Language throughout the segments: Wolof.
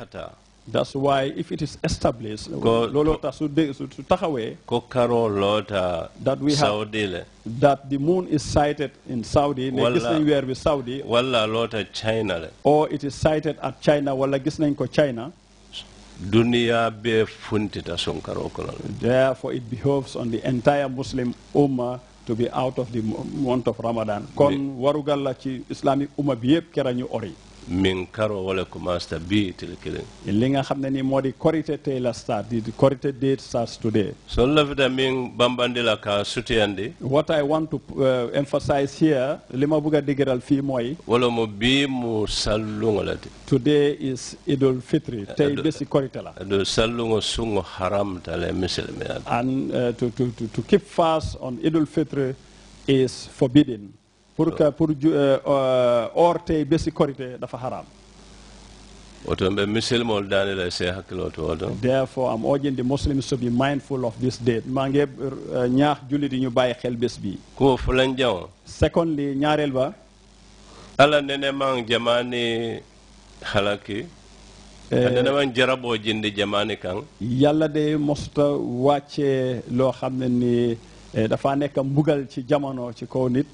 qatar that's why if it is established lolo su taxawé ko karo lota that we have saudi le that the moon is sighted in saudi ne gis nañ saudi wala lota china le or it is sighted at china wala gis nañ ko china dunia be funtita son karo ko therefore it behoves on the entire muslim ummah to be out of the month of ramadan kon warugal islamic ummah bi yeb kera ori min karo wala commence bi til kilin li nga xam ne ni moo di korite tey la start di korite date starts today so lafita min bambandi la ka sutiyandi what i want to uh, emphasize here li ma bëgg a digëral fii mooy wala mo bi mu sallungo la today is idul fitri tey bési korite la do sallungo sungo haram tale misilmi and uh, to, keep fast on idul fitri is forbidden pour que pour euh, euh, orte korite dafa haram oton ɓe musilmol danila e seeha kiloto oɗon therefore am oƴinde muslims to be mindful of this date ma nge uh, ñaah julliti ñu bàyyi xel bés bi ko fulan jaw secondly ñaareel ba ala nene man jamani halaki nene eh, man jarabo jindi jamani kan yàlla de mosuta wàcce loo xam ne ni eh, dafa nekk mbugal ci jamono ci kaw nit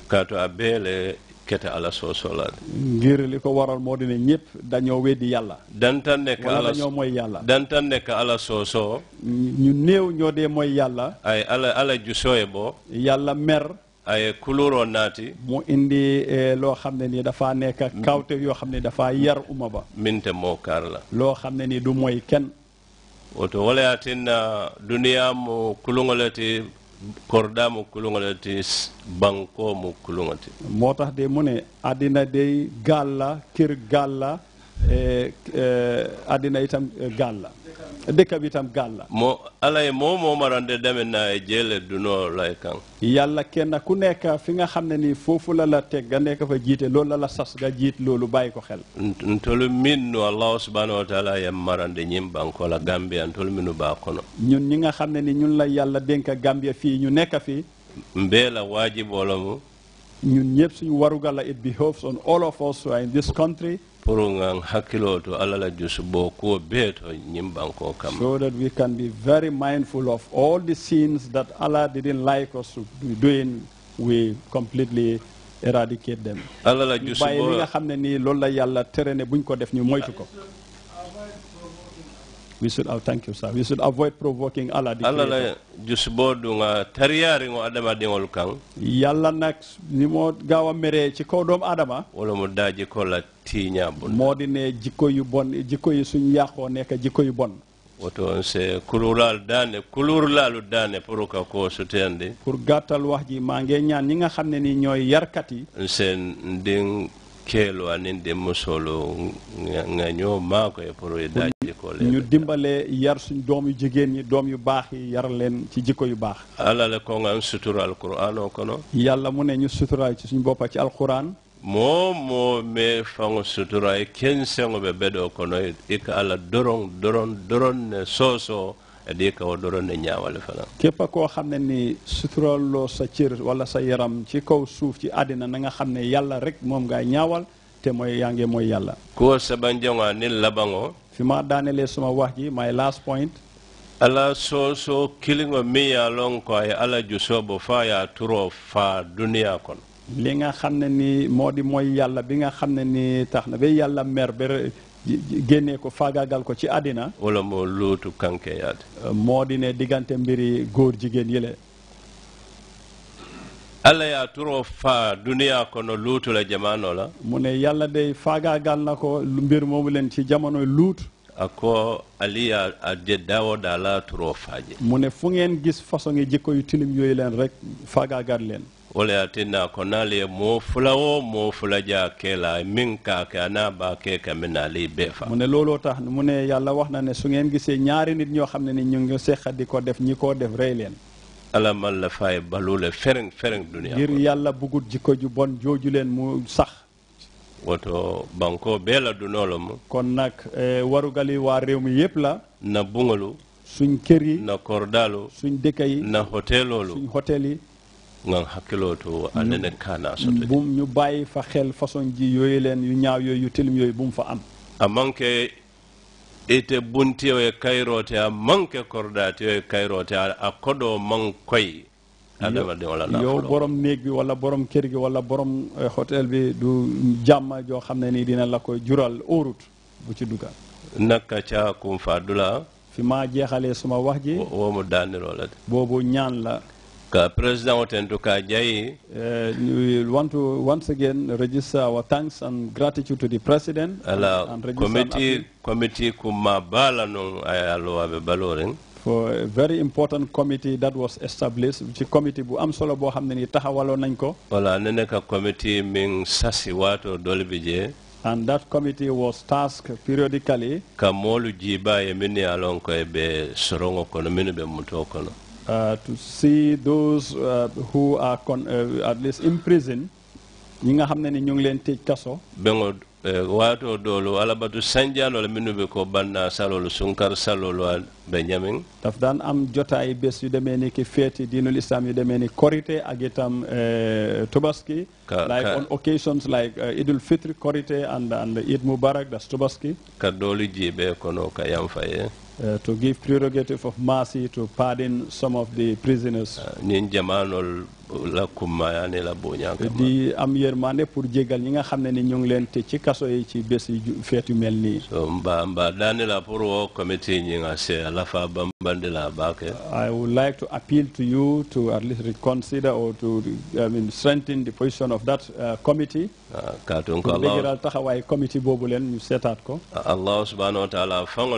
kaatu a beele kete ala soosolaade ngir li ko waroon moo di ne ñëpp dañoo weddi yàlla dantan nekk ala mooy yàlla dantan nekk ala soosoo ñu néew ñoo dee mooy yàlla ay ala ala ju boo yàlla mer ay kulóoroo naati mu indi eh, loo xam ne ni dafaa nekk kawte yoo xam ne dafaa yar uma ba minte moo kaar la loo xam ne ni du mooy kenn woto walayatin na duniyaa mu kulungolati kordamu kulungal ti banko mu kulungal moo tax de mu ne àddina day gaal la kër gaal la eh, eh, àddina itam gaal la dëkk bi tam gaal la moo alay moo moo marande deme naa e jéele du noo lay kan yàlla kenn ku nekk fi nga xam ne ni foofu la la teg nga nekk fa jiite loolu la la sas nga jiit loolu bàyyi ko xel ntolu min nu allahu subhanahu wa taala yam marande ñim banko la Gambia ntolu minu baa kono ñun ñi nga xam ne ni ñun la yàlla dénk Gambia fii ñu nekk fi mbee la waajiboo la mu ñun ñëpp suñu warugal la it behoves on all of us in this country so that we can be very mindful of all the sins that Allah didn't like us to be doing we completely eradicate them. Allah la jusu boo li nga xam ne nii loolu la yàlla tere ne buñ ko def ñu moytu ko. we a have thank you sir we should avoid provoking Allah the Allah la jusbo ci ko doom adama wala mo daaji ko la tiña bon modi ne jikko yu bon yi suñ yaqo nek jikko yi bon woto se kululal dane kulurlalu dane pour ka ko sutende pour gàttal wax ji ñaan ñi nga xam ne ni ñooy yarkat yi nding keelo anin demo solo nga ñoo maa koy e pour daaji ko leen ñu dimbalee yar suñ doom yu jigéen ñi doom yu baax yi yar leen ci jikko yu baax ala la ko nga sutura alquran kono yàlla mu ne ñu suturaay ci suñ boppa ci alquran moo moo me fango suturaay kenn sengo be bedoo kono i e ka ala doron doron doron ne soosoo di kaw doron képp koo xam ne ni suturaloo sa cër wala sa yaram ci kaw suuf ci àddina na nga xam ne yàlla rek moom ngay ñaawal te mooy yaa ngi mooy yàlla ko sabanjonga ni labango fi ma daanelee suma wax ji my last point ala soo kiliŋo miŋ ye a loŋ ko a ye ala jusoo bo faa turoo faa duniyaa kono li nga xam ne ni moo di mooy yàlla bi nga xam ne ni tax na ba yàlla mer génnee ko fagagal ko ci àddina wala moo lootu kankeyaade euh, moo di ne diggante mbiri góor jigéen yële alla ye fa turoo faa duniyaa luutu la jamaanoo la mu ne yàlla day faagaagal na ko mbir moomu leen ci jamono luut a ko ali a je daawoo daa la turoo faaje mu ne fu ngeen gis façon ngi jikko yu tilim yooyu leen rek faagaagal leen wo le ye tinna ko naali ye moo fula wo moo fula jaa kee la miŋ ka a naa baa kee ka mi bee fa mu ne looloo tax mu ne yàlla wax na ne su ngeen gisee ñaari nit ñoo xam ne ni ñu ngi seqa di ko def ñi koo def rey leen ala man la fay balu le fereŋ fereŋ duniyaa ngir yàlla bugut jikko ju bon jooju leen mu sax woto banko bee la dunoo la mu kon nag eh, warugali waa réew mi yépp la na buŋalu suñ kër yi na kordaalu suñ dëkk yi na hoteeloolu ngan a annene kana soto bum ñu bàyyi fa xel façon ji yooyu leen yu ñaaw yooyu yu tilim yooyu bum fa am a manque ite buntiyo kayroote a manque kordaatiyo e kayroote a koɗo man koye yow borom néeg bi wala borom kër gi wala borom hôtel eh, bi du jàmma joo xam ne nii dina la ko jural óorut bu ci dugal naka caa kum faa dula fi ma jeexale suma wax ji woo mu daaniroo la de boobu ñaan la ka president uh, we want to once again register our thanks and gratitude to the president and committee committee kuma bala non ayalo abe for a very important committee that was established ci committee bu am solo boo xam ne ni taxawaloon ne nekk committee min sasi doli bi and that committee was tasked periodically ka moolu jiiba e min ye sorongo kono min ɓe Uh, to see those uh, who are con uh, at least in prison ñi nga xam ne ni ñu ngi leen tëj kaso bengo waato doolu alabatu sanjaalole minnu be ko banna salolu sunkar salolu al be ñamin daf daan am jotaay bés yu demee ni ki feeti diinul islam yu demee ni korité ak itam tobaski like on occasions like idul fitri korité and and eid mubarak das tobaski ka doolu jiibe kono ka yam faye Uh, to give prerogative of mercy to pardon some of the prisoners. Uh, di am yërmande pour jégal ñi nga xam ne ni ñu ngi leen te ci kaso yi ci bés yi feet yu mel nii mba mba daani la pour woo comité ñi nga se alafa bambandi la baake I would like to appeal to you to at least reconsider or to strengthen the position of that uh, committee ah, kaatun ko Allah dëgëral taxawaay comité boobu leen seetaat ko Allah subhanahu wa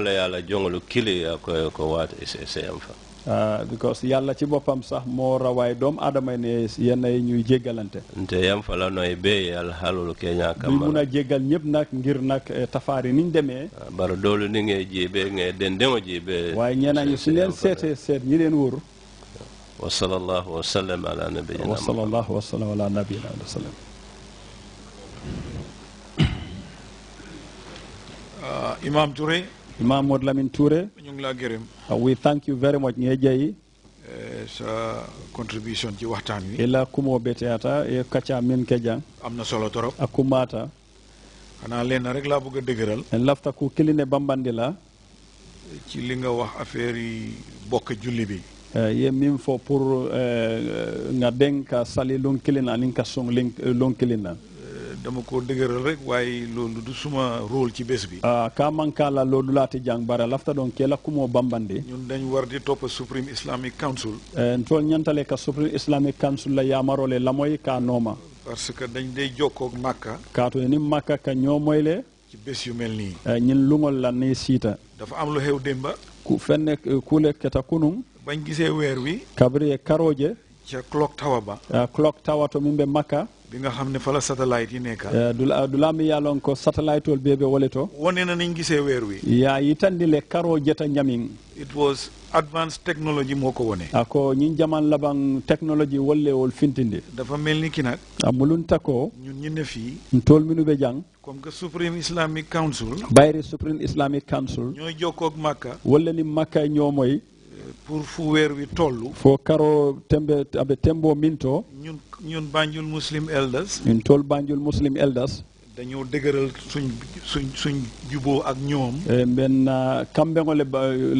la yàlla jongolu kili ko ko waat essayam fa Euh, because yàlla ci boppam sax moo rawaay doomu aadama ne yenn yi ñuy jéggalante nte yam fala noy be yàlla xalul keña kam mun a jéggal ñëpp nag ngir nag eh, tafaari niñ demee ah, bara doolu ni ngay jibe ngay den dema waaye ñeenañu su leen seetee seet ñi leen wóor wa sallallahu wa sallam ala nabiyina wa wa sallam Imam Modou lamin Touré. ñu ngi laa gërëm. Uh, we thank you very much ngay jey eh, sa contribution ci waxtaan wi. ila kumo beteata e kaca min keja. am na solo torop. ak kumaata. xanaa rek laa bëgg a dëgëral. lafta ku kiline bambandi la. ci li nga wax affaire yi bokk julli bi. Eh, ye min fo pour eh, nga denka sali lonkilin anin ka song lonkilin na. dama ko dëgëral rek waaye loolu du suma rôle ci bés bi ah, ka mankala loolu laati jang bara lafta ɗon ke lakkumo bambande ñun dañ warde toppa supreme islamic council eh, tol ñantale ka supreme islamic council la yamarole lamoy ka nooma parce que dañ day jokkoog màkka kaato ni màkka ka ñoomoyle ci bés yu mel nii eh, ñin lungol la ni siita dafa am lo xew démba ku fenne eh, keta kunun bañ gisee weer wi kabri e karooje ca clock tower ba clock tower to min bi nga xam ne fa la satellite yi nekka eh, du lami yalon ko satellite ol bebe wole to wone na niñ gise weer wi yaa yitandile karo jeta ñamin it was advanced technology moo ko wone ako ah, ñin jaman laban technology wolle wol fintinde dafa mel ni ki nag amulunta ah, ko ñun ñu ne fii tool minu be jàng comme que Supreme Islamic Council bayre Supreme Islamic Council ñooy jokkook Makka walla ni Makka ñoo mooy pour fu weer wi tollu foo karo tembe aɓe tembo min to ñun ñun banjul muslim elders min tol banjul muslim elders dañoo dëgëral suñ suñ suñ juboo ak ñoom eh, mben kamɓeŋole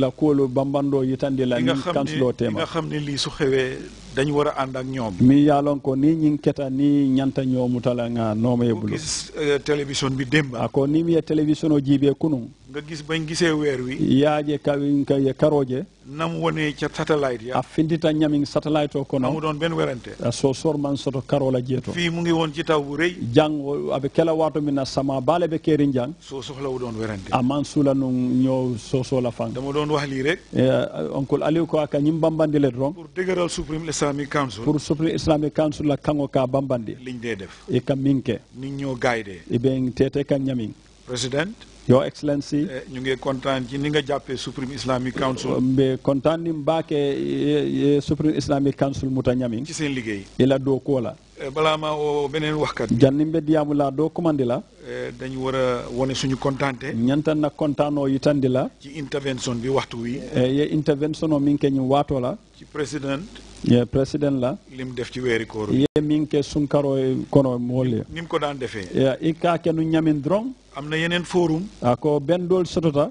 la kuolu bambandoo yitandi la ni kansuloo tema nga xam ne lii su xewee dañu war a ànd ak ñoom mi yaalon ko ni ñi keta ni ñanta ñoomutala nga nooma yebulu eh, télévision bi démba ako ni mi ye télévision jiibee kunun nga gis bañ gisee weer wi yaa yaaje kawin ka ye karoje nam wone ca satellite ya a findita ñamin satellite o kono amu doon benn werante so sor man soto karola jeeto fii mu ngi woon ci taw bu rëy jang abe kela waato min na sama baale be keeri jang so doon werante a man sula nu ñoo soosoo la fang dama doon wax lii rek eh, oncle Aliou ko aka ñim bambandi le doon pour dëgëral supreme islamic council pour supreme ka council la kango ka bambandi liñ dee def e ka minke niñ ñoo gaayde e ben tete kan ñamin président Your Excellency. Eh, ñu ngi kontaan ci ni nga jàppee Supreme Islamic Council. Eh, mbe kontaan ni mbaake eh, Supreme Islamic Council muta ñami. ci seen liggéey. la doo koo la. balaa ma woo beneen waxkat. janni mbe diyaamu laa doo commandé la. dañu war a wane suñu kontaante. ñantan na kontaanoo yitandi la. ci intervention bi waxtu wi. ye intervention o min ke ñu waatoo la. ci président. ye président la lim def ci weeri koor ye min ke sunkaro e kono mool nim ko daan defee ye i ka ke nu ñamin dron am na yeneen forum ako benn dool sotota